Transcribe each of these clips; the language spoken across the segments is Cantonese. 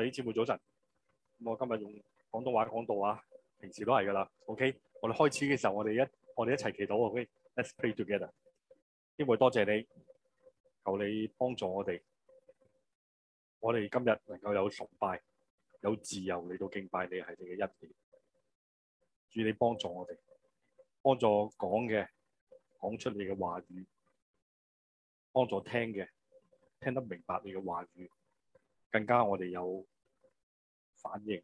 各位姊妹早晨，我今日用廣東話講道啊，平時都係㗎啦。OK，我哋開始嘅時候，我哋一我哋一齊祈禱。OK，Let's、OK? pray together。先會多謝你，求你幫助我哋，我哋今日能夠有崇拜，有自由嚟到敬拜你係你嘅恩典，主你幫助我哋，幫助講嘅講出你嘅話語，幫助聽嘅聽得明白你嘅話語。更加我哋有反應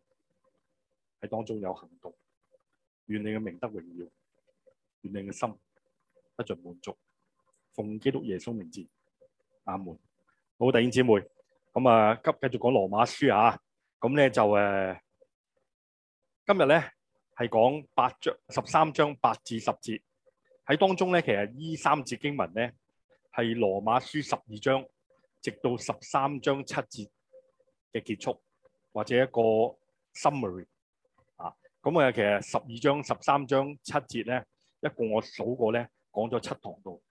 喺當中有行動，願你嘅名得榮耀，願你嘅心不盡滿足。奉基督耶穌名字，阿門。好弟兄姊妹，咁啊，急繼續講羅馬書啊，咁咧就誒，今日咧係講八章十三章八至十節喺當中咧，其實依三節經文咧係羅馬書十二章直到十三章七節。嘅結束或者一個 summary 啊，咁啊，其實十二章十三章七節咧，一共我數過咧，講咗七堂度，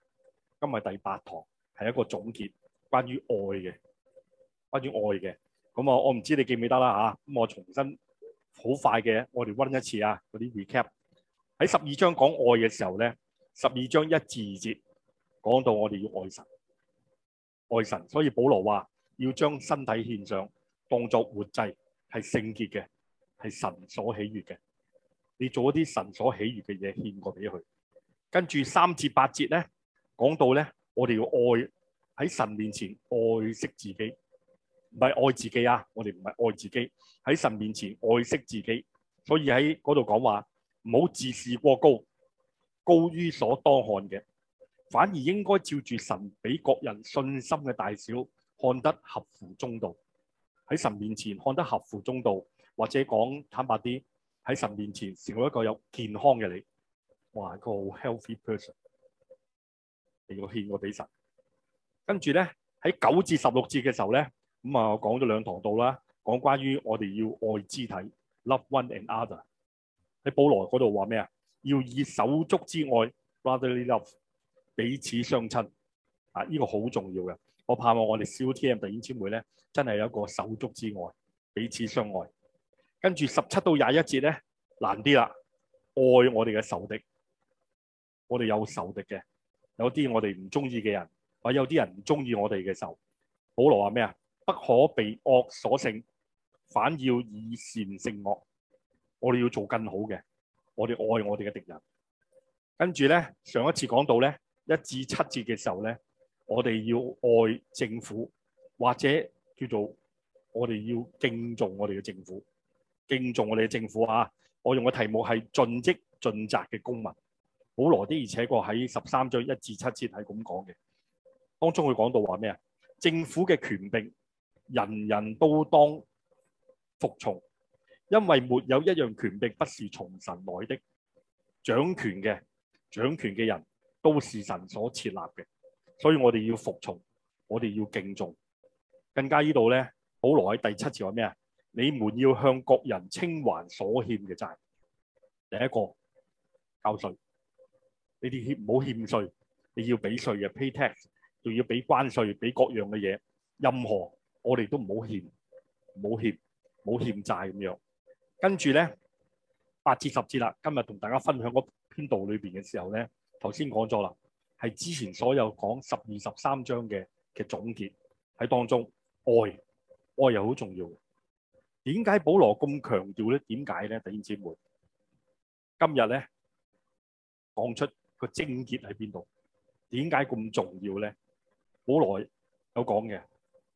今日第八堂係一個總結關於，關於愛嘅，關於愛嘅，咁啊，我唔知你記唔記得啦吓，咁、啊、我重新好快嘅，我哋溫一次啊，嗰啲 recap 喺十二章講愛嘅時候咧，十二章一至二節講到我哋要愛神，愛神，所以保羅話要將身體獻上。當作活祭，係聖潔嘅，係神所喜悦嘅。你做一啲神所喜悦嘅嘢，獻過俾佢。跟住三至八節咧，講到咧，我哋要愛喺神面前愛惜自己，唔係愛自己啊！我哋唔係愛自己喺神面前愛惜自己，所以喺嗰度講話唔好自視過高，高於所當看嘅，反而應該照住神俾各人信心嘅大小看得合乎中道。喺神面前看得合乎中道，或者講坦白啲，喺神面前成為一個有健康嘅你，哇，個好 healthy person，你要獻個俾神。跟住咧喺九至十六節嘅時候咧，咁、嗯、啊，我講咗兩堂道啦，講關於我哋要愛肢體，love one and other。喺保羅嗰度話咩啊？要以手足之愛，brotherly love，彼此相親，啊，呢個好重要嘅。我盼望我哋 CUTM 弟兄姊妹咧，真係有一個手足之愛，彼此相愛。跟住十七到廿一節咧，難啲啦。愛我哋嘅仇敵，我哋有仇敵嘅，有啲我哋唔中意嘅人，或者有啲人唔中意我哋嘅仇。保羅話咩啊？不可被惡所勝，反要以善勝惡。我哋要做更好嘅，我哋愛我哋嘅敵人。跟住咧，上一次講到咧，一至七節嘅時候咧。我哋要愛政府，或者叫做我哋要敬重我哋嘅政府，敬重我哋嘅政府啊！我用嘅題目係盡職盡責嘅公民。保羅啲，的而且過，喺十三章一至七節係咁講嘅。當中佢講到話咩啊？政府嘅權柄，人人都當服從，因為沒有一樣權柄不是從神來的。掌權嘅掌權嘅人都是神所設立嘅。所以我哋要服從，我哋要敬重。更加呢度咧，保羅喺第七節話咩啊？你們要向各人清還所欠嘅債。第一個交稅，你哋唔好欠稅，你要俾稅嘅，pay tax，仲要俾關稅，俾各樣嘅嘢。任何我哋都唔好欠，唔好欠，唔好欠債咁樣。跟住咧八至十節啦，今日同大家分享嗰篇道裏邊嘅時候咧，頭先講咗啦。係之前所有講十二十三章嘅嘅總結。喺當中，愛愛又好重要。點解保羅咁強調咧？點解咧？弟兄姊妹，今日咧講出個癥結喺邊度？點解咁重要咧？保羅有講嘅，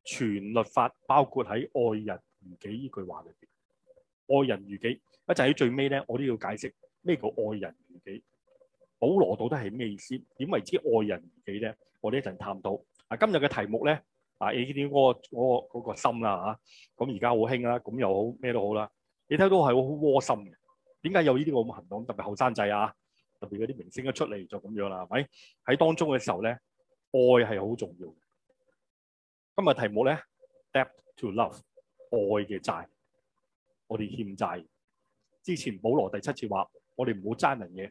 全律法包括喺愛人如己呢句話裏邊。愛人如己一陣喺最尾咧，我都要解釋咩叫愛人如己。保羅到底係咩意思？點為之愛人如己咧？我哋一陣探討。到那個那個、啊，今日嘅題目咧，啊，呢啲我我嗰個心啦吓，咁而家好興啦，咁又好咩都好啦。你睇到係好窩心嘅，點解有呢啲咁嘅行動？特別後生仔啊，特別嗰啲明星一出嚟就咁樣啦，係咪？喺當中嘅時候咧，愛係好重要。今日題目咧，Debt to Love，愛嘅債，我哋欠債。之前保羅第七次話，我哋唔好爭人嘢。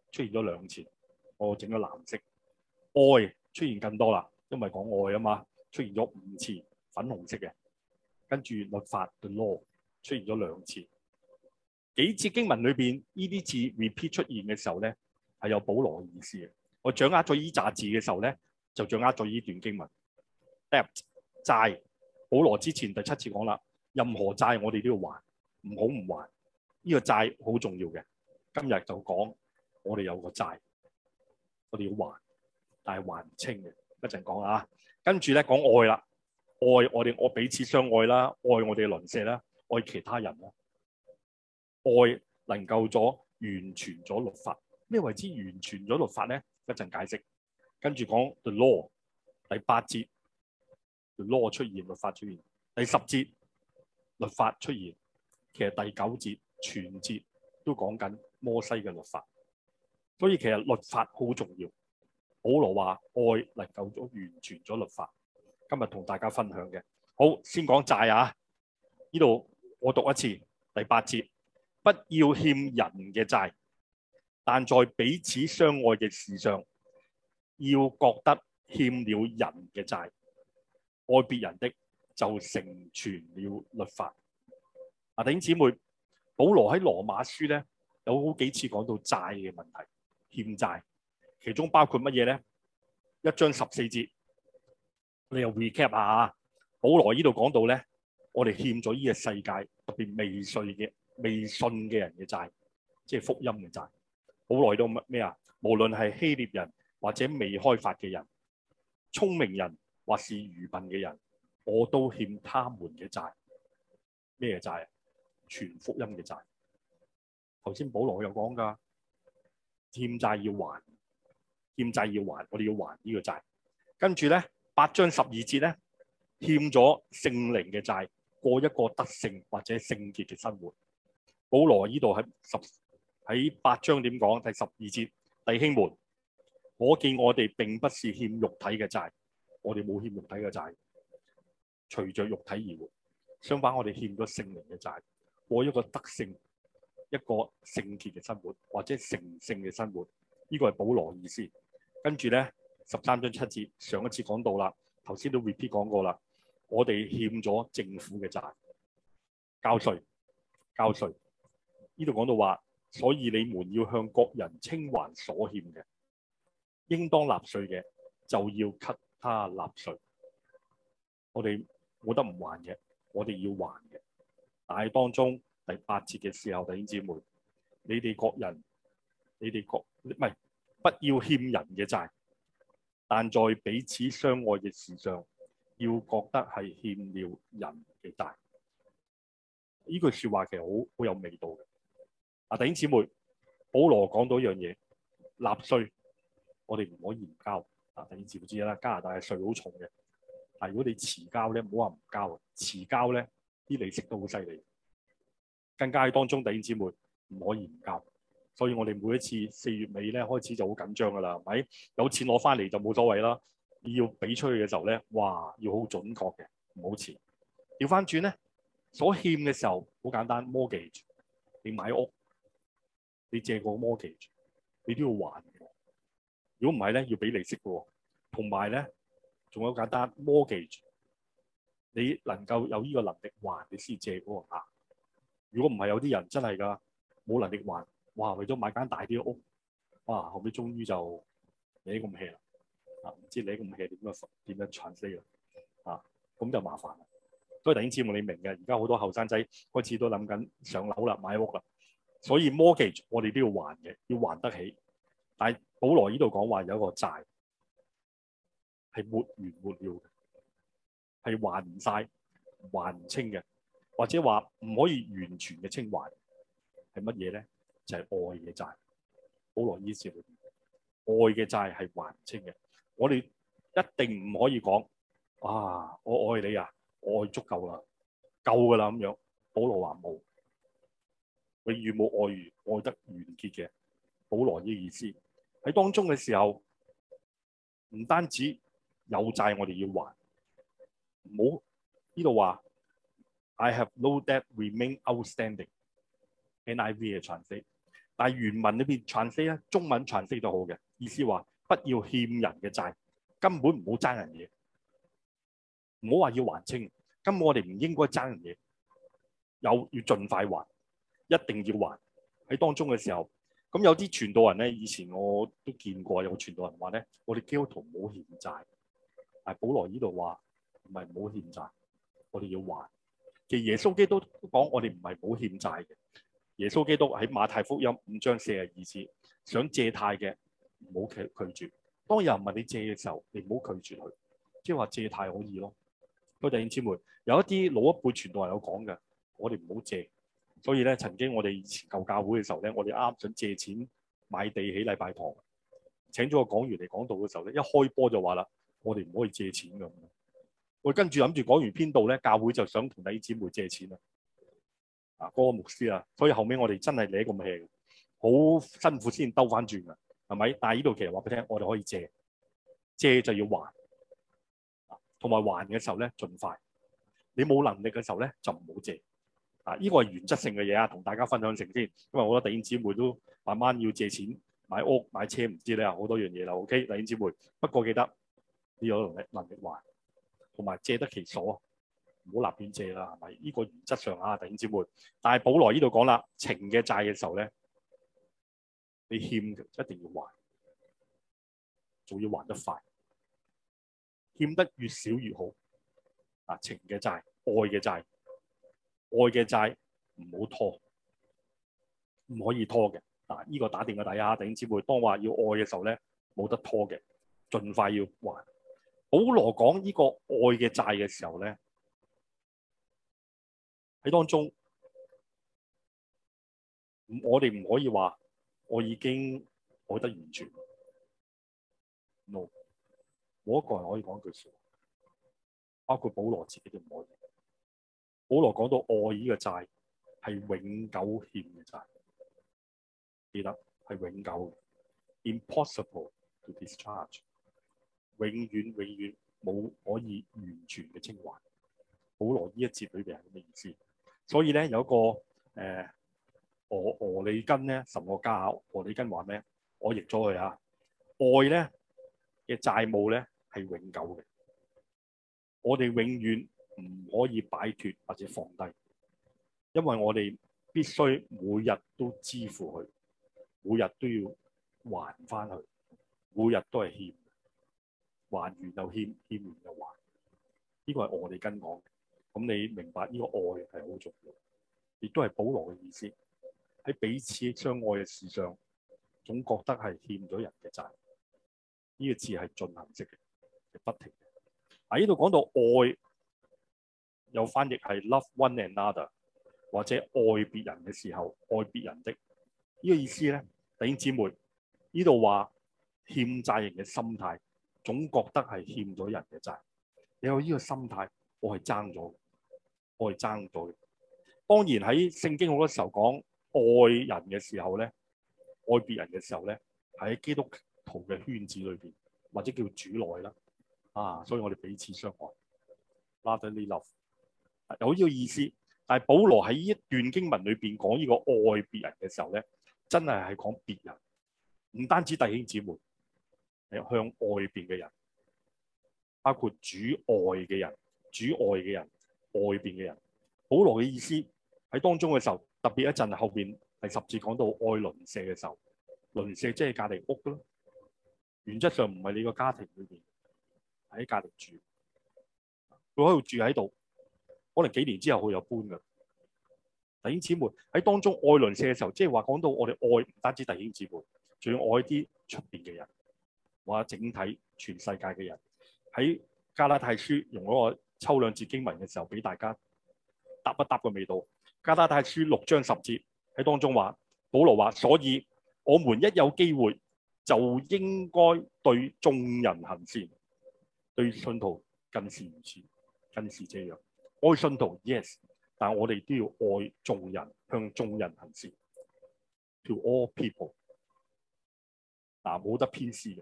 出現咗兩次，我整咗藍色。愛出現更多啦，因為講愛啊嘛，出現咗五次粉紅色嘅，跟住律法 the law 出現咗兩次。幾次經文裏面呢啲字 repeat 出現嘅時候咧係有保羅嘅意思嘅。我掌握咗呢扎字嘅時候咧就掌握咗呢段經文。Debt，債保羅之前第七次講啦，任何債我哋都要還，唔好唔還呢個債好重要嘅。今日就講。我哋有個債，我哋要還，但係還唔清嘅。一陣講啊，跟住咧講愛啦，愛我哋我彼此相愛啦，愛我哋嘅鄰舍啦，愛其他人啦，愛能夠咗完全咗律法咩？為之完全咗律法咧？一陣解釋。跟住講 The Law 第八節 The Law 出現，律法出現。第十節律法出現，其實第九節全節都講緊摩西嘅律法。所以其實律法好重要。保羅話：愛能夠咗完全咗律法。今日同大家分享嘅，好先講債啊！呢度我讀一次第八節：不要欠人嘅債，但在彼此相愛嘅事上，要覺得欠了人嘅債。愛別人的就成全了律法。啊，弟兄姊妹，保羅喺羅馬書咧有好幾次講到債嘅問題。欠債，其中包括乜嘢咧？一章十四節，你又 recap 下啊！保羅依度講到咧，我哋欠咗呢個世界特別未信嘅、未信嘅人嘅債，即係福音嘅債。保羅都乜咩啊？無論係希臘人或者未開發嘅人，聰明人或是愚笨嘅人，我都欠他們嘅債。咩債啊？全福音嘅債。頭先保羅又講㗎。欠債要還，欠債要還，我哋要還呢個債。跟住咧，八章十二節咧，欠咗聖靈嘅債，過一個得勝，或者聖潔嘅生活。保羅呢度喺十喺八章點講？第十二節，弟兄們，可見我哋並不是欠肉體嘅債，我哋冇欠肉體嘅債，隨着肉體而活。相反，我哋欠咗聖靈嘅債，過一個得勝。一個聖潔嘅生活，或者成聖嘅生活，呢個係保羅意思。跟住咧，十三章七節，上一次講到啦，頭先都 repeat 講過啦。我哋欠咗政府嘅債，交稅，交稅。呢度講到話，所以你們要向各人清還所欠嘅，應當納稅嘅就要給他納稅。我哋冇得唔還嘅，我哋要還嘅。但係當中，第八節嘅時候，弟兄姊妹，你哋各人，你哋各唔係，不要欠人嘅債，但在彼此相愛嘅事上，要覺得係欠了人嘅債。呢句説話其實好好有味道嘅。啊，弟兄姊妹，保羅講到一樣嘢，納稅，我哋唔可以唔交。啊，弟兄姊妹知唔知啦，加拿大嘅稅好重嘅。嗱，如果你遲交咧，唔好話唔交啊，遲交咧啲利息都好犀利。更加係當中弟兄姊妹唔可以唔交，所以我哋每一次四月尾咧開始就好緊張㗎啦，係咪？有錢攞翻嚟就冇所謂啦，要俾出去嘅時候咧，哇，要好準確嘅，唔好遲。調翻轉咧，所欠嘅時候好簡單，mortgage，你買屋，你借過個 mortgage，你都要還。如果唔係咧，要俾利息㗎喎，同埋咧仲有，呢有簡單 mortgage，你能夠有呢個能力還，你先借喎，嗱。如果唔係，有啲人真係㗎冇能力還，哇！為咗買一間大啲屋，哇！後尾終於就孭咁氣啦，啊！唔知孭咁氣點啊點樣喘死啦，啊！咁就麻煩啦。所以頭先之我你明嘅，而家好多後生仔開始都諗緊上樓啦，買屋啦，所以 mortgage 我哋都要還嘅，要還得起。但係保羅呢度講話有一個債係沒完沒了的，嘅，係還唔晒，還唔清嘅。或者話唔可以完全嘅清還係乜嘢咧？就係、是、愛嘅債。保羅意思裏面，愛嘅債係還清嘅。我哋一定唔可以講啊！我愛你啊，愛足夠啦，夠㗎啦咁樣。保羅話冇，永遠冇愛完，愛得完結嘅。保羅嘅意思喺當中嘅時候，唔單止有債，我哋要還，好呢度話。I have no debt remain outstanding. NIV 係譯釋，但係原文裏邊譯釋咧，中文譯釋都好嘅意思話，不要欠人嘅債，根本唔好爭人嘢，唔好話要還清。根本我哋唔應該爭人嘢，有要盡快還，一定要還喺當中嘅時候。咁有啲傳道人咧，以前我都見過有傳道人話咧，我哋基督徒冇欠債，係保羅呢度話唔係冇欠債，我哋要還。其實耶穌基督都講：我哋唔係冇欠債嘅。耶穌基督喺馬太福音五章四十二節，想借貸嘅唔好拒絕。當有人問你借嘅時候，你唔好拒絕佢，即係話借貸可以咯。不過弟兄姊妹有一啲老一輩傳道人有講嘅，我哋唔好借。所以咧，曾經我哋以前舊教會嘅時候咧，我哋啱想借錢買地起禮拜堂，請咗個講員嚟講道嘅時候咧，一開波就話啦：我哋唔可以借錢咁。我跟住諗住講完編導咧，教會就想同弟兄姊妹借錢啦。啊，嗰個牧師啊，所以後尾我哋真係攞咁氣，好辛苦先兜翻轉噶，係咪？但係呢度其實話俾你聽，我哋可以借，借就要還，同埋還嘅時候咧，盡快。你冇能力嘅時候咧，就唔好借。啊，呢個係原則性嘅嘢啊，同大家分享成先。因為我覺得弟兄姊妹都慢慢要借錢買屋買車，唔知你好多樣嘢啦。OK，弟兄姊妹，不過記得呢個能、能力還。同埋借得其所，唔好立亂借啦，係咪？呢個原則上啊，弟兄姊妹。但係保羅呢度講啦，情嘅債嘅時候咧，你欠嘅一定要還，仲要還得快，欠得越少越好。啊，情嘅債、愛嘅債、愛嘅債唔好拖，唔可以拖嘅。啊，呢個打定個底啊，弟兄姊妹。當話要愛嘅時候咧，冇得拖嘅，盡快要還。保羅講呢個愛嘅債嘅時候咧，喺當中，我哋唔可以話我已經愛得完全。no，冇一個人可以講一句說話，包括保羅自己都唔可以。保羅講到愛呢個債係永久欠嘅債，記得係永久，impossible to discharge。永遠永遠冇可以完全嘅清還，保羅呢一節裏邊係咁嘅意思。所以咧有一個、呃、俄俄里根咧十個家啊？俄里根話咩？我譯咗佢啊，愛咧嘅債務咧係永久嘅，我哋永遠唔可以擺脫或者放低，因為我哋必須每日都支付佢，每日都要還翻佢，每日都係欠。還完又欠，欠完又還，呢、這個係我哋跟講。咁你明白呢個愛係好重要的，亦都係保羅嘅意思。喺彼此相愛嘅事上，總覺得係欠咗人嘅債。呢、這個字係進行式嘅，係不停嘅。啊，呢度講到愛，又翻譯係 love one another，或者愛別人嘅時候，愛別人的呢、這個意思咧。弟兄姊妹，呢度話欠債型嘅心態。總覺得係欠咗人嘅債，你有依個心態，我係爭咗，我係爭咗。當然喺聖經好多時候講愛人嘅時候咧，愛別人嘅時候咧，喺基督徒嘅圈子裏邊或者叫主內啦，啊，所以我哋彼此相愛，love，有依個意思。但係保羅喺依一段經文裏邊講依個愛別人嘅時候咧，真係係講別人，唔單止弟兄姊妹。向外邊嘅人，包括主愛嘅人、主外嘅人、外邊嘅人。保羅嘅意思喺當中嘅時候，特別一陣後邊係十字講到愛鄰舍嘅時候，鄰舍即係隔籬屋咯。原則上唔係你個家庭裏邊喺隔籬住，佢可以住喺度，可能幾年之後佢又搬噶。弟兄姊妹喺當中愛鄰舍嘅時候，即係話講到我哋愛唔單止弟兄姊妹，仲要愛啲出邊嘅人。或者整體全世界嘅人，喺加拉太書用嗰個抽兩節經文嘅時候，俾大家答一答個味道。加拉太書六章十節喺當中話，保羅話：所以我們一有機會就應該對眾人行善，對信徒更是如此。更是這樣，愛信徒 yes，但係我哋都要愛眾人，向眾人行善。To all people，嗱、啊、冇得偏私嘅。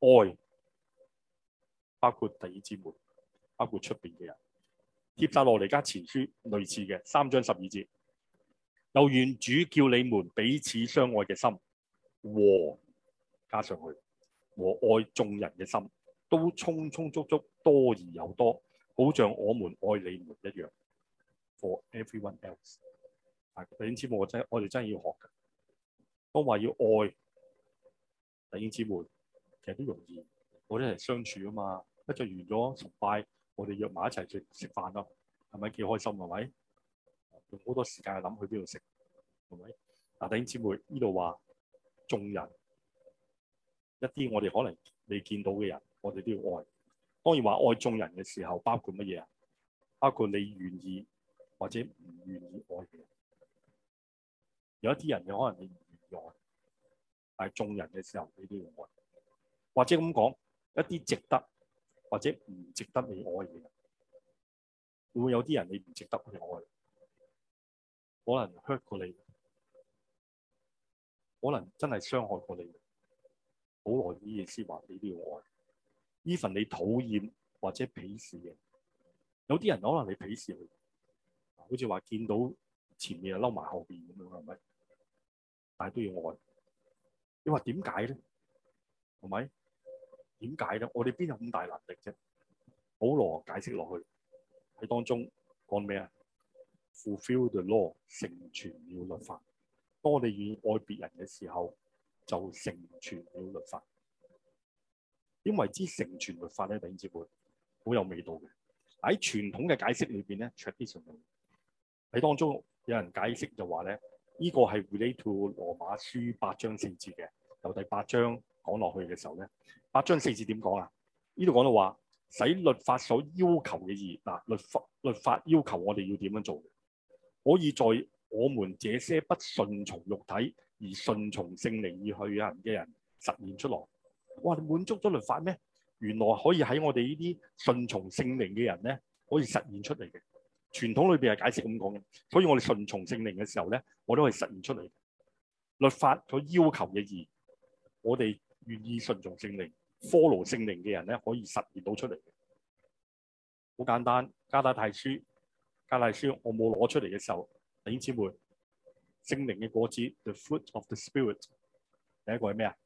愛包括弟兄們，包括出邊嘅人，貼晒落嚟。加前書類似嘅三章十二節，又願主叫你們彼此相愛嘅心和加上去和愛眾人嘅心，都充充足足，足多而有多，好像我們愛你們一樣。For everyone else，弟兄姊妹，我真我哋真係要學嘅，都話要愛弟兄姊妹。其實都容易，我哋係相處啊嘛。一就完咗崇拜，我哋約埋一齊食食飯咯，係咪幾開心，係咪？用好多時間去諗去邊度食，係咪？嗱，弟兄姊妹，呢度話眾人一啲，我哋可能未見到嘅人，我哋都要愛。當然話愛眾人嘅時候，包括乜嘢啊？包括你願意或者唔願意愛嘅人。有一啲人有可能你唔願意愛，但係眾人嘅時候你都要愛。或者咁講，一啲值得或者唔值得你愛嘅人，會，會有啲人你唔值得去愛，可能 hurt 過你，可能真係傷害過你，好耐啲意思話你都要愛。Even 你討厭或者鄙視嘅，有啲人可能你鄙視佢，好似話見到前面就嬲埋後邊咁樣，係咪？但係都要愛。你話點解咧？係咪？點解咧？我哋邊有咁大能力啫？保羅解釋落去喺當中講咩啊？fulfill the law 成全了律法。當你哋要愛別人嘅時候，就成全了律法。點為之成全律法咧？弟兄姊妹好有味道嘅。喺傳統嘅解釋裏邊咧 tradition 喺當中有人解釋就話咧，依、這個係 relate to 羅馬書八章四節嘅，由第八章講落去嘅時候咧。八章四節點講啊？呢度講到話，使律法所要求嘅義，嗱律法律法要求我哋要點樣做，可以在我們這些不順從肉體而順從聖靈而去行嘅人實現出來。哇！滿足咗律法咩？原來可以喺我哋呢啲順從聖靈嘅人咧，可以實現出嚟嘅。傳統裏邊係解釋咁講嘅，所以我哋順從聖靈嘅時候咧，我都係實現出嚟嘅。律法所要求嘅義，我哋願意順從聖靈。Follow 聖靈嘅人咧，可以實現到出嚟，好簡單。加拉太書，加拉太書，我冇攞出嚟嘅時候，弟兄姊妹，聖靈嘅果子，the fruit of the Spirit，第一個係咩啊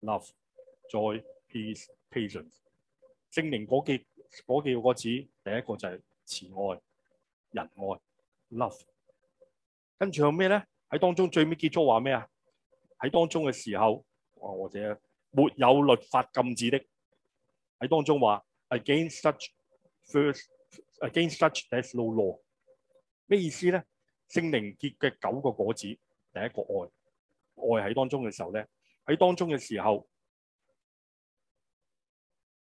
？Love，joy，peace，patience。聖靈嗰幾個果子，第一個就係慈愛、仁愛，love。跟住有咩咧？喺當中最尾結束話咩啊？喺當中嘅時候，或者。沒有律法禁止的，喺當中話 Against such first against such there's no law 咩意思咧？聖靈結嘅九個果子，第一個愛，愛喺當中嘅時候咧，喺當中嘅時候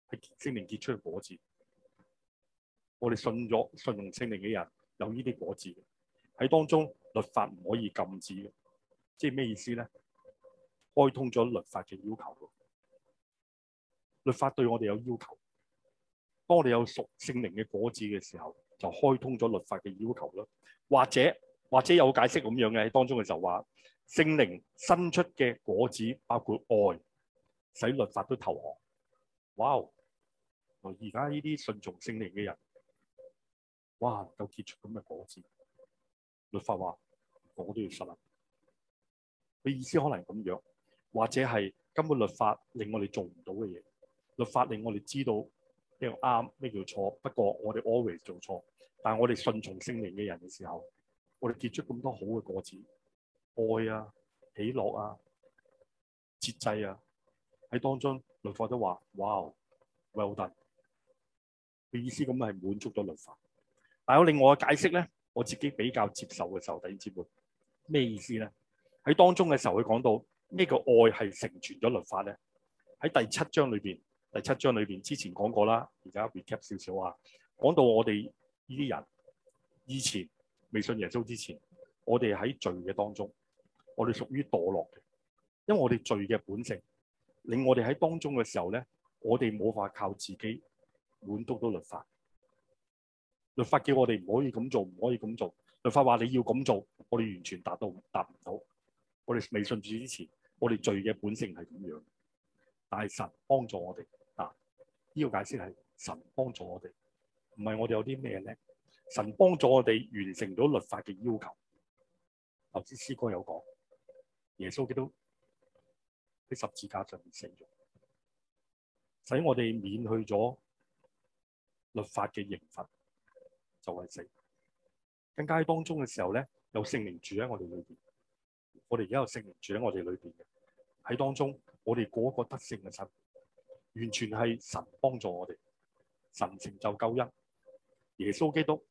係聖靈結出嘅果子。我哋信咗，信用聖靈嘅人有呢啲果子嘅，喺當中，律法唔可以禁止嘅，即係咩意思咧？開通咗律法嘅要求，律法對我哋有要求。當我哋有屬聖靈嘅果子嘅時候，就開通咗律法嘅要求啦。或者或者有解釋咁樣嘅當中嘅就話，聖靈新出嘅果子包括愛，使律法都投降。哇！而家呢啲信從聖靈嘅人，哇夠結出咁嘅果子。律法話果都要實行。佢意思可能係咁樣。或者係根本律法令我哋做唔到嘅嘢，律法令我哋知道咩叫啱，咩叫錯。不過我哋 always 做錯，但係我哋順從聖靈嘅人嘅時候，我哋結出咁多好嘅果子，愛啊、喜樂啊、節制啊，喺當中律法都話：哇，喂、well，好大！佢意思咁係滿足咗律法。但有另外嘅解釋咧，我自己比較接受嘅時候，弟兄姊妹，咩意思咧？喺當中嘅時候，佢講到。咩叫愛係成全咗律法咧。喺第七章裏邊，第七章裏邊之前講過啦。而家 recap 少少話，講到我哋呢啲人以前未信耶穌之前，我哋喺罪嘅當中，我哋屬於墮落嘅，因為我哋罪嘅本性令我哋喺當中嘅時候咧，我哋冇法靠自己滿足到律法。律法叫我哋唔可以咁做，唔可以咁做。律法話你要咁做，我哋完全達到達唔到。我哋未信主之前，我哋罪嘅本性係咁樣，但係神幫助我哋啊！呢個解釋係神幫助我哋，唔係我哋有啲咩咧？神幫助我哋完成咗律法嘅要求。頭先詩哥有講，耶穌基督喺十字架上面死咗，使我哋免去咗律法嘅刑罰，就係死。更加當中嘅時候咧，有聖靈住喺我哋裏邊。我哋而家有聖靈住喺我哋裏邊嘅，喺當中我哋過一個得勝嘅生活，完全係神幫助我哋，神成就救恩，耶穌基督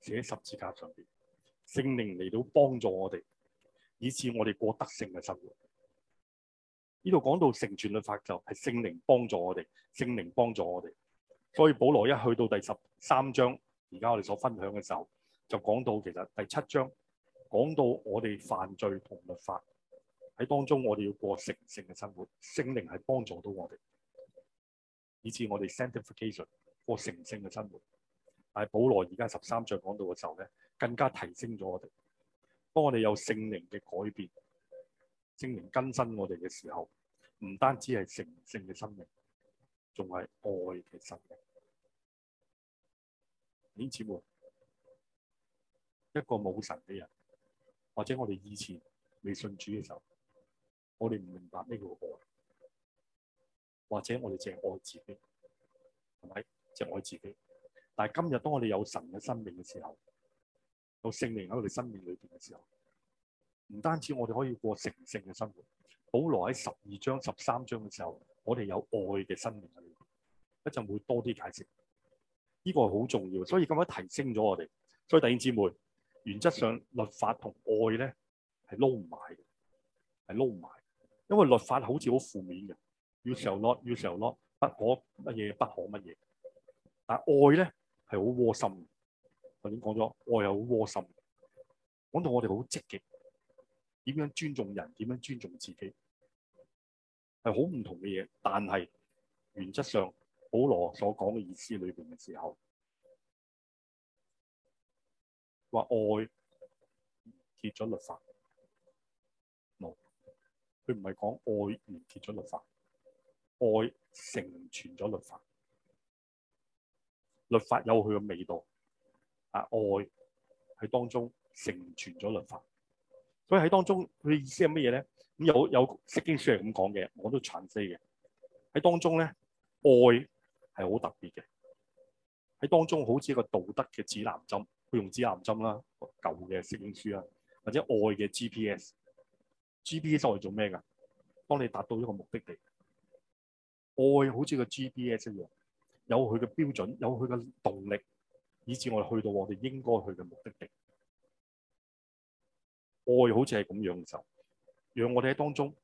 死喺十字架上邊，聖靈嚟到幫助我哋，以致我哋過得勝嘅生活。呢度講到成全律法就係聖靈幫助我哋，聖靈幫助我哋，所以保羅一去到第十三章，而家我哋所分享嘅時候，就講到其實第七章。講到我哋犯罪同律法喺當中，我哋要過成聖嘅生活，聖靈係幫助到我哋，以至我哋 sanctification 過成聖嘅生活。但係保羅而家十三章講到嘅時候咧，更加提升咗我哋，當我哋有聖靈嘅改變，聖靈更新我哋嘅時候，唔單止係成聖嘅生命，仲係愛嘅生命。因此喎，一個冇神嘅人。或者我哋以前未信主嘅時候，我哋唔明白呢個愛，或者我哋淨係愛自己，係咪？淨係愛自己。但係今日當我哋有神嘅生命嘅時候，有聖靈喺我哋生命裏邊嘅時候，唔單止我哋可以過成聖嘅生活，保羅喺十二章十三章嘅時候，我哋有愛嘅生命喺裏面，一陣會多啲解釋。呢個係好重要，所以咁樣提升咗我哋。所以弟兄姊妹。原則上，律法同愛咧係撈唔埋嘅，係撈唔埋，因為律法好似好負面嘅，You shall not，you shall not，不可乜嘢，不可乜嘢。但係愛咧係好窩心嘅，頭先講咗，愛又好窩心嘅。講到我哋好積極，點樣尊重人，點樣尊重自己，係好唔同嘅嘢。但係原則上，保羅所講嘅意思裏邊嘅時候。話愛唔結咗律法，冇，佢唔係講愛唔結咗律法，愛成全咗律法，律法有佢嘅味道，啊，愛喺當中成全咗律法，所以喺當中佢嘅意思係乜嘢咧？咁有有《聖經書》係咁講嘅，我都傳知嘅，喺當中咧，愛係好特別嘅，喺當中好似一個道德嘅指南針。佢用指南針啦，舊嘅攝影書啦，或者愛嘅 GPS，GPS 係做咩噶？幫你達到一個目的地。愛好似個 GPS 一樣，有佢嘅標準，有佢嘅動力，以至我哋去到我哋應該去嘅目的地。愛好似係咁樣嘅時候，讓我哋喺當中，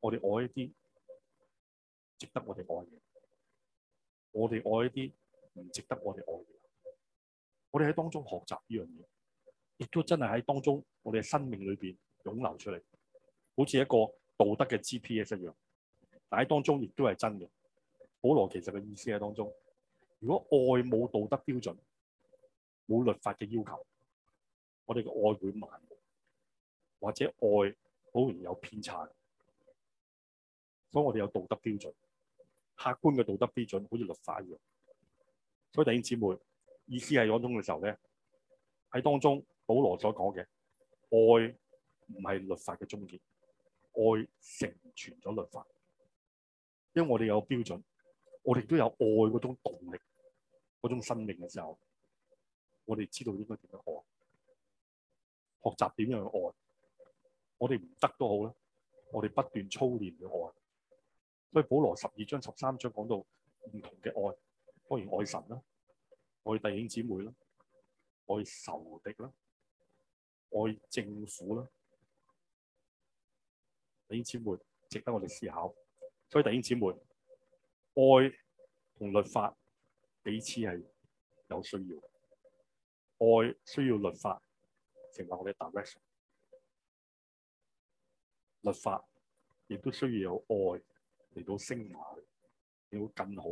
我哋愛一啲值得我哋愛嘅，我哋愛一啲唔值得我哋愛嘅。我哋喺當中學習呢樣嘢，亦都真係喺當中，我哋嘅生命裏邊湧流出嚟，好似一個道德嘅 GPS 一樣。但喺當中亦都係真嘅。保羅其實嘅意思喺當中，如果愛冇道德標準，冇律法嘅要求，我哋嘅愛會盲，或者愛好容易有偏差。所以我哋有道德標準，客觀嘅道德標準，好似律法一樣。所以弟兄姊妹。意思係嗰種嘅時候咧，喺當中，保羅所講嘅愛唔係律法嘅終結，愛成全咗律法，因為我哋有標準，我哋都有愛嗰種動力，嗰種生命嘅時候，我哋知道應該點樣愛，學習點樣去愛，我哋唔得都好啦，我哋不斷操練去愛，所以保羅十二章十三章講到唔同嘅愛，當然愛神啦。愛弟兄姊妹啦，愛仇敵啦，愛政府啦，弟兄姊妹值得我哋思考。所以弟兄姊妹，愛同律法彼此係有需要，愛需要律法，成為我哋嘅 direction。律法亦都需要有愛嚟到升華，要更好。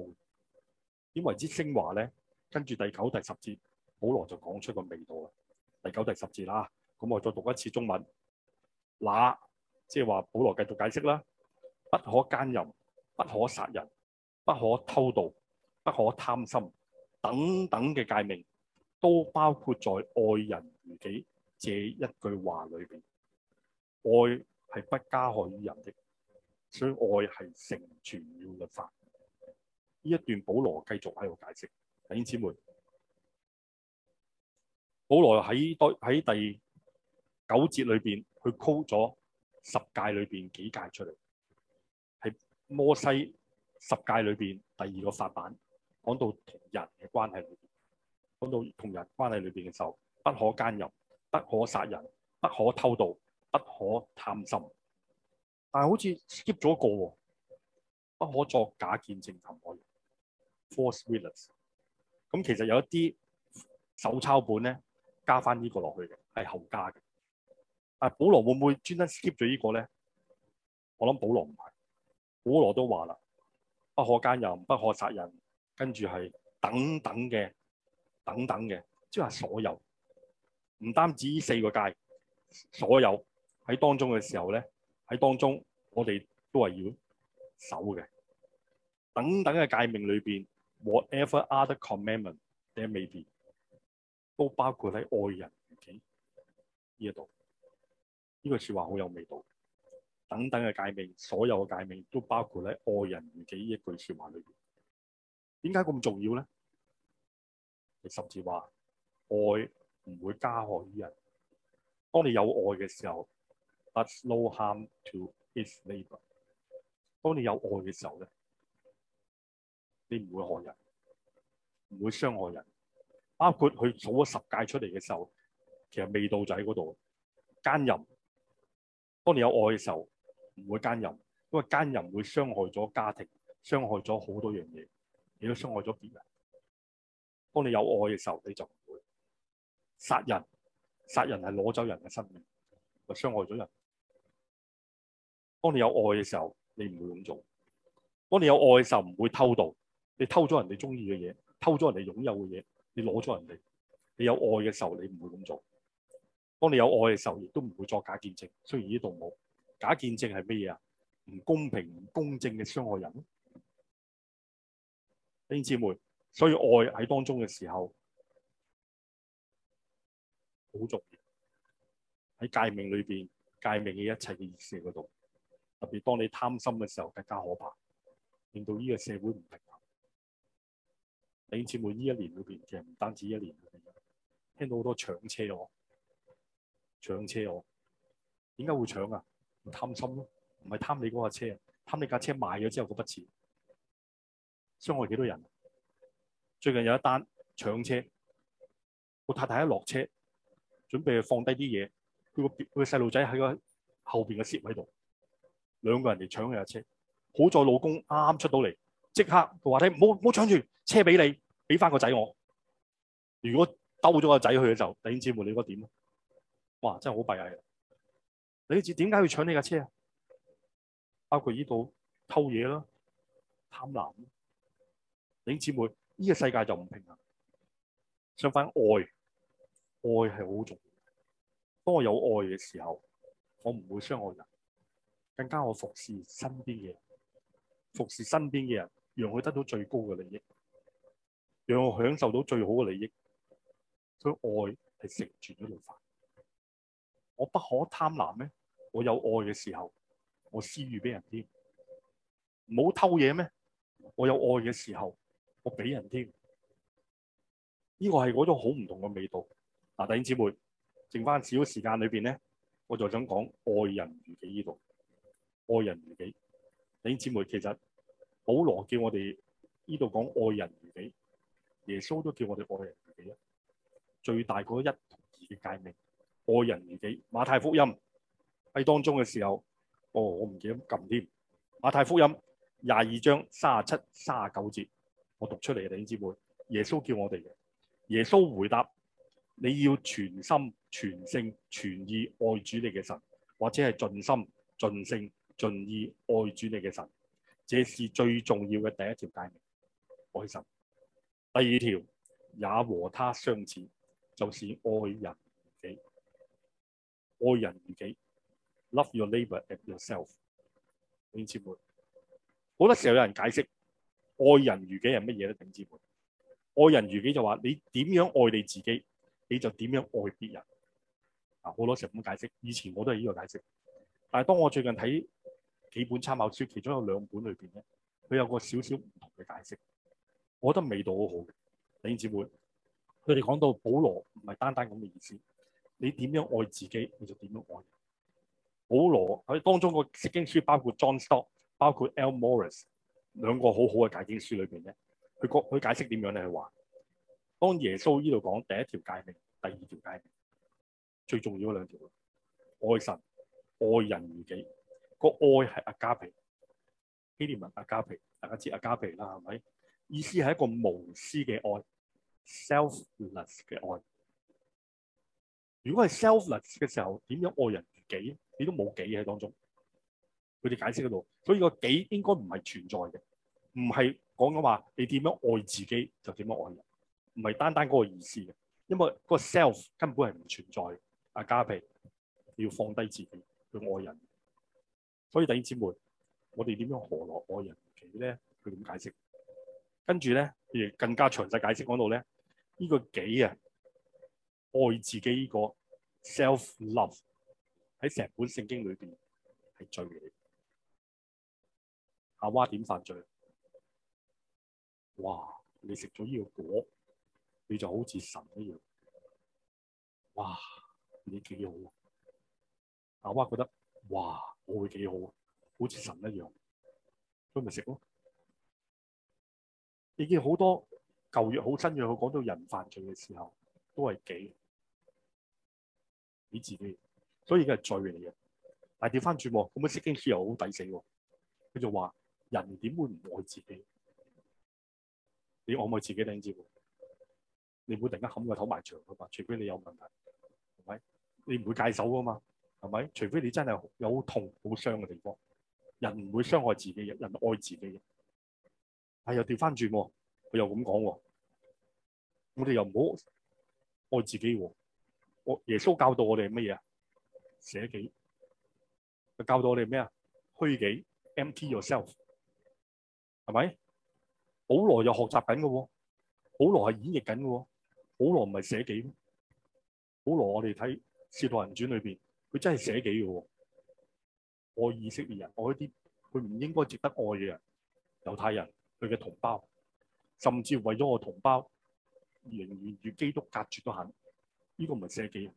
點為之升華咧？跟住第九、第十節，保羅就講出個味道啦。第九、第十節啦，咁我再讀一次中文，嗱，即係話保羅繼續解釋啦：不可奸淫，不可殺人，不可偷盜，不可貪心等等嘅戒命，都包括在愛人如己這一句話裏面，愛係不加害於人的，所以愛係成全了律法。呢一段保羅繼續喺度解釋。等兄姊妹，保羅喺第喺第九節裏邊，佢 call 咗十戒裏邊幾戒出嚟，喺摩西十戒裏邊第二個法版，講到同人嘅關係裏邊，講到同人關係裏邊嘅時候，不可奸淫，不可殺人，不可偷盜，不可貪心，但係好似 skip 咗一個，不可作假見證 i 我用。咁其實有一啲手抄本咧，加翻呢個落去嘅，係後加嘅。啊，保羅會唔會專登 skip 咗呢個咧？我諗保羅唔係，保羅都話啦：不可奸淫，不可殺人，跟住係等等嘅，等等嘅，即係話所有，唔單止呢四個戒，所有喺當中嘅時候咧，喺當中我哋都係要守嘅，等等嘅誡命裏邊。Whatever other commandment there may be，都包括喺愛人如己呢一度。呢句、這個、說話好有味道。等等嘅誡命，所有嘅誡命都包括喺愛人如己呢一句說話裏邊。點解咁重要咧？你甚至話愛唔會加害於人。當你有愛嘅時候，but no harm to his neighbor，當你有愛嘅時候咧。你唔會害人，唔會傷害人。包括佢數咗十誡出嚟嘅時候，其實味道就喺嗰度。奸淫，當你有愛嘅時候，唔會奸淫，因為奸淫會傷害咗家庭，傷害咗好多樣嘢，亦都傷害咗別人。當你有愛嘅時候，你就唔會殺人。殺人係攞走人嘅生命，就傷害咗人。當你有愛嘅時候，你唔會咁做。當你有愛嘅時候，唔會偷盜。你偷咗人哋中意嘅嘢，偷咗人哋擁有嘅嘢，你攞咗人哋。你有愛嘅時候，你唔會咁做。當你有愛嘅時候，亦都唔會作假見證。雖然呢度冇假見證係咩嘢啊？唔公平、唔公正嘅傷害人。弟兄姊妹，所以愛喺當中嘅時候好重要。喺誡命裏邊，誡命嘅一切嘅意思嗰度，特別當你貪心嘅時候，更加可怕，令到呢個社會唔平。弟兄姊妹，呢一年裏面，其實唔單止這一年裏面，聽到好多搶車哦，搶車哦，點解會搶啊？貪心咯、啊，唔係貪你嗰架車，貪你架車賣咗之後嗰筆錢。傷害幾多人？最近有一單搶車，我太太一落車，準備放低啲嘢，佢個佢細路仔喺個後邊嘅攝位度，兩個人嚟搶架車。好在老公啱啱出到嚟。即刻個話你唔好，唔好搶，住車俾你，俾翻個仔我。如果兜咗個仔去嘅時候，弟兄姊妹，你覺得點咧？哇，真係好閉翳呀。你點，點解要搶你架車啊？包括呢度偷嘢咯，貪婪。弟兄姊妹，呢個世界就唔平衡。相反，愛，愛係好重要。當我有愛嘅時候，我唔會傷害人，更加我服侍身邊嘅服侍身邊嘅人。讓佢得到最高嘅利益，讓我享受到最好嘅利益。所以愛係成全嗰種法。我不可貪婪咩？我有愛嘅時候，我施予俾人添。唔好偷嘢咩？我有愛嘅時候，我俾人添。呢個係嗰種好唔同嘅味道。嗱、啊，弟兄姊妹，剩翻少少時間裏邊咧，我就想講愛人如己呢度。愛人如己，弟兄姊妹，其實。保羅叫我哋呢度講愛人如己，耶穌都叫我哋愛人如己啊！最大嗰一、同二嘅誡命，愛人如己。馬太福音喺當中嘅時候，哦，我唔記得撳添。馬太福音廿二章三十七、三十九節，我讀出嚟啊，弟兄姊妹。耶穌叫我哋嘅，耶穌回答：你要全心、全性、全意愛主你嘅神，或者係盡心、盡性、盡意愛主你嘅神。這是最重要嘅第一條誡命，愛神。第二條也和他相似，就是愛人如己，愛人如己。Love your neighbor as yourself。弟兄們，好多時候有人解釋愛人如己係乜嘢咧？弟兄們，愛人如己就話你點樣愛你自己，你就點樣愛別人。啊，好多時候咁解釋，以前我都係呢個解釋，但係當我最近睇幾本參考書，其中有兩本裏邊咧，佢有個少少唔同嘅解釋。我覺得味道好好。弟兄姊妹，佢哋講到保羅唔係單單咁嘅意思。你點樣愛自己，你就點樣愛人。保羅喺當中個釋經書包括 John Stock，包括 El Morris 兩個好好嘅解經書裏邊咧，佢個佢解釋點樣咧？佢話當耶穌呢度講第一條誡命，第二條誡命最重要嗰兩條：愛神、愛人如己。個愛係阿加皮，希臘文阿加皮，大家知阿加皮啦，係咪？意思係一個無私嘅愛，selfless 嘅愛。如果係 selfless 嘅時候，點樣愛人如己呢？你都冇己喺當中，佢哋解釋嗰度。所以個己應該唔係存在嘅，唔係講緊話你點樣愛自己就點樣愛人，唔係單單嗰個意思嘅。因為嗰個 self 根本係唔存在。阿加皮你要放低自己去愛人。所以弟兄姊妹，我哋點樣何樂愛人如己咧？佢點解釋？跟住咧，佢哋更加詳細解釋嗰度咧，呢、這個己啊愛自己呢個 self love 喺成本聖經裏邊係罪。阿娃點犯罪？哇！你食咗呢個果，你就好似神一樣。哇！你幾好啊？阿娃覺得。哇！我會幾好啊，好似神一樣，所以咪食咯。你見好多舊約好新約，佢講到人犯罪嘅時候，都係己你自己的，所以依家係罪嚟嘅。但係調翻轉，咁咪斯經書又好抵死喎。佢就話：人點會唔愛自己？你愛唔愛自己的？你知唔知？你唔會突然間冚個頭埋牆啊嘛？除非你有問題，係咪？你唔會戒手啊嘛？係咪？除非你真係有痛，好傷嘅地方，人唔會傷害自己嘅，人愛自己嘅。哎，又調翻轉，佢又咁講。我哋又唔好愛自己。我耶穌教導我哋係乜嘢啊？捨己。教導我哋咩啊？虛己，empty yourself 是是。係咪？保羅又學習緊嘅，保羅係演繹緊嘅，保羅唔係捨己。保羅，我哋睇《使徒行傳》裏邊。佢真係捨己嘅，愛以色列人，愛啲佢唔應該值得愛嘅人，猶太人，佢嘅同胞，甚至為咗我同胞，仍然與基督隔絕都肯，呢個唔係捨己，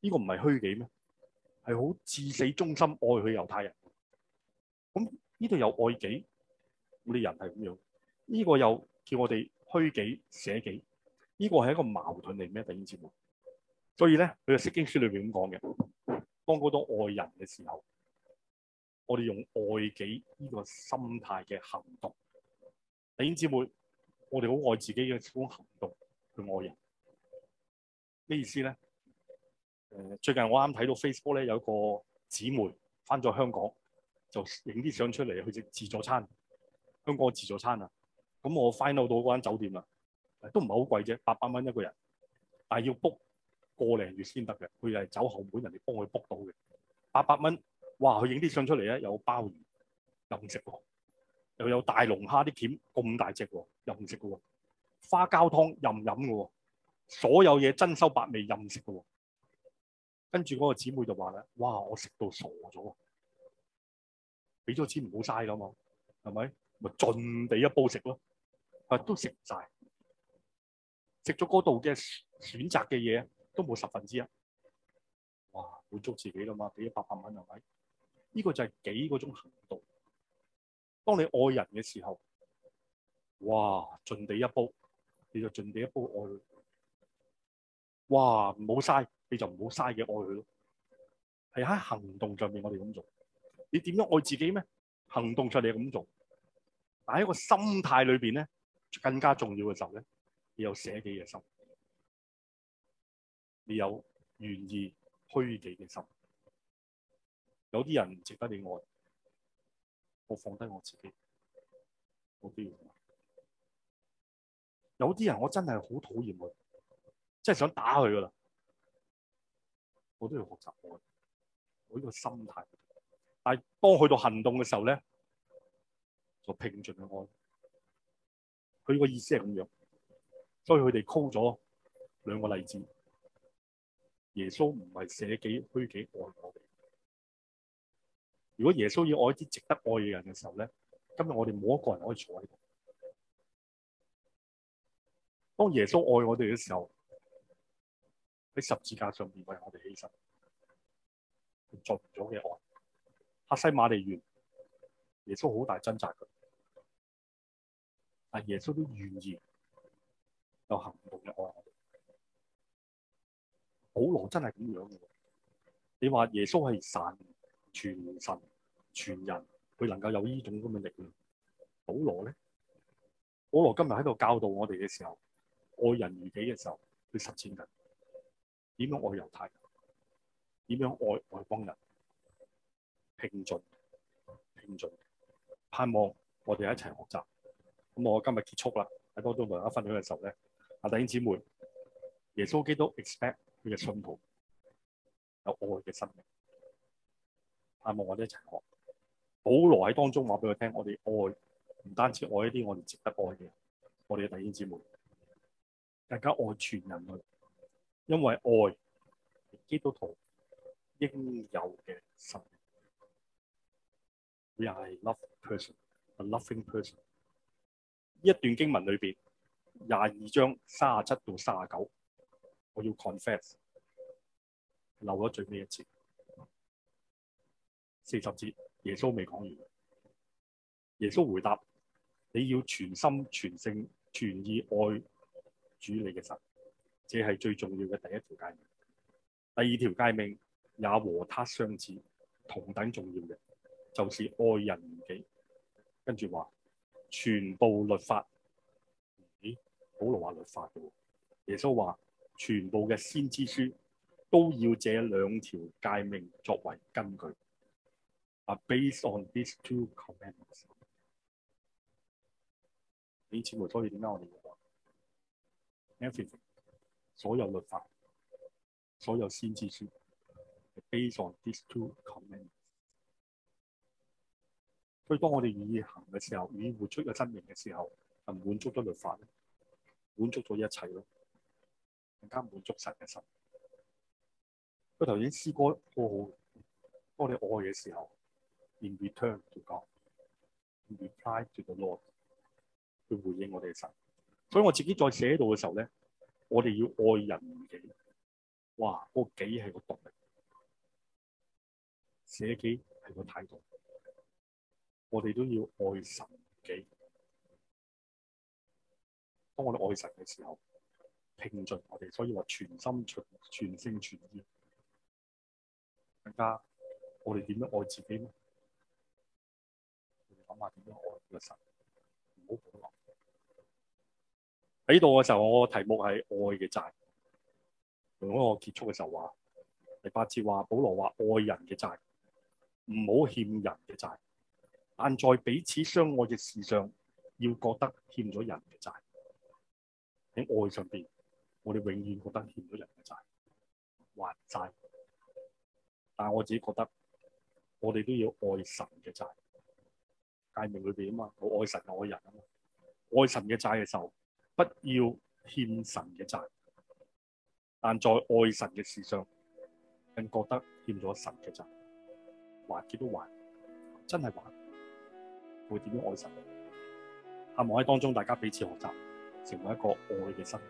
呢個唔係虛己咩？係好至死忠心愛佢猶太人。咁呢度有愛己，我哋人係咁樣，呢個又叫我哋虛己捨己，呢個係一個矛盾嚟咩？弟兄姊妹，所以咧，佢嘅聖經書裏邊咁講嘅。當好多愛人嘅時候，我哋用愛己呢個心態嘅行動。弟兄姊妹，我哋好愛自己嘅一種行動去愛人。咩意思咧？誒，最近我啱睇到 Facebook 咧，有個姊妹翻咗香港，就影啲相出嚟去食自助餐。香港自助餐啊，咁我 final 到嗰間酒店啦，都唔係好貴啫，八百蚊一個人，但係要 book。個零月先得嘅，佢係走後門人，人哋幫佢卜到嘅，八百蚊。哇！佢影啲相出嚟咧，有鮑魚任食喎，又有大龍蝦啲鉗咁大隻喎，任食喎，花膠湯任飲嘅喎，所有嘢珍饈百味任食嘅喎。跟住嗰個姊妹就話啦：，哇！我食到傻咗，俾咗錢唔好嘥㗎嘛，係咪？咪盡地一煲食咯，啊都食唔晒，食咗嗰度嘅選擇嘅嘢。都冇十分之一，哇！滿足自己啦嘛，俾一百百蚊係咪？呢個就係幾個種行動。當你愛人嘅時候，哇！盡地一煲，你就盡地一煲愛佢。哇！唔好嘥，你就唔好嘥嘅愛佢咯。係喺行動上面我哋咁做，你點樣愛自己咩？行動上你咁做，但喺個心態裏邊咧，更加重要嘅時候咧，你有捨己嘅心。你有願意虛己嘅心，有啲人唔值得你愛，我放低我自己，我必要。有啲人我真係好討厭佢，真係想打佢噶啦，我都要學習愛，我我呢個心態。但係當去到行動嘅時候咧，就拼盡去愛。佢個意思係咁樣，所以佢哋高咗兩個例子。耶穌唔係捨己、虛己愛我哋。如果耶穌要愛啲值得愛嘅人嘅時候咧，今日我哋冇一個人可以坐喺度。當耶穌愛我哋嘅時候，喺十字架上面為我哋犧牲，做唔到嘅愛。客西馬尼園，耶穌好大掙扎嘅。啊，耶穌都願意有行動嘅愛。保羅真係咁樣嘅。你話耶穌係神，全神全人，佢能夠有呢種咁嘅力量。保羅咧，保羅今日喺度教導我哋嘅時候，愛人如己嘅時候佢實踐緊，點樣愛猶太人，點樣愛外邦人，拼盡拼盡，盼望我哋一齊學習。咁我今日結束啦，喺多都文一分享嘅時候咧，阿弟兄姊妹，耶穌基督 expect。佢嘅信徒有愛嘅生命，阿望，我哋一齊學保羅喺當中話俾佢聽，我哋愛唔單止愛一啲我哋值得愛嘅，我哋嘅弟兄姊妹，更加愛全人類，因為愛基督徒應有嘅生命。」又 a loving person, a loving person。一段經文裏邊廿二章三十七到三十九。我要 confess 留咗最尾一節四十節耶穌未講完。耶穌回答：你要全心、全性、全意愛主你嘅神，這係最重要嘅第一條誡命。第二條誡命也和他相似，同等重要嘅，就是愛人如己。跟住話全部律法，咦？保羅話律法嘅，耶穌話。全部嘅先知書都要這兩條誡命作為根據。啊，based on these two commandments，你全部所要點解我哋要 everything，所有律法，所有先知書，based on these two commandments。所以當我哋願意行嘅時候，願意活出嘅真名嘅時候，啊，滿足咗律法咧，滿足咗一切咯。更加滿足神嘅心。佢頭先詩歌都好、哦，當我哋愛嘅時候，in return 就講，reply to the Lord 去回應我哋嘅神。所以我自己再寫到嘅時候咧，我哋要愛人嘅己，哇！嗰、嗰個己係個動力，寫己係個態度。我哋都要愛神己，當我哋愛神嘅時候。拼盡我哋，所以話全心全，全心全意，更加我哋點樣愛自己？諗下點樣愛個神，好喺度嘅時候，我嘅題目係愛嘅債。如果我結束嘅時候話，第八節話保羅話愛人嘅債，唔好欠人嘅債，但在彼此相愛嘅事上，要覺得欠咗人嘅債喺愛上邊。我哋永遠覺得欠咗人嘅債，還債。但係我自己覺得，我哋都要愛神嘅債。誡命裏邊啊嘛，愛神就愛人啊嘛，愛神嘅債嘅時候，不要欠神嘅債。但在愛神嘅事上，更覺得欠咗神嘅債，還幾都還？真係還？會點樣愛神？盼望喺當中大家彼此學習，成為一個愛嘅心。